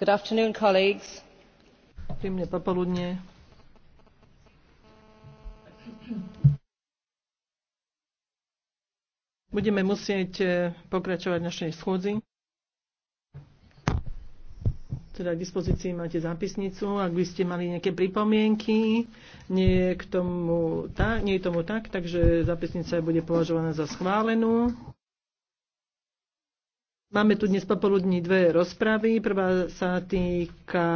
Budeme musieť e, pokračovať v našej schôdzi. Teda k dispozícii máte zápisnicu. Ak by ste mali nejaké pripomienky, nie je, k tomu, tá, nie je tomu tak, takže zápisnica bude považovaná za schválenú. Máme tu dnes popoludní dve rozpravy. Prvá sa týka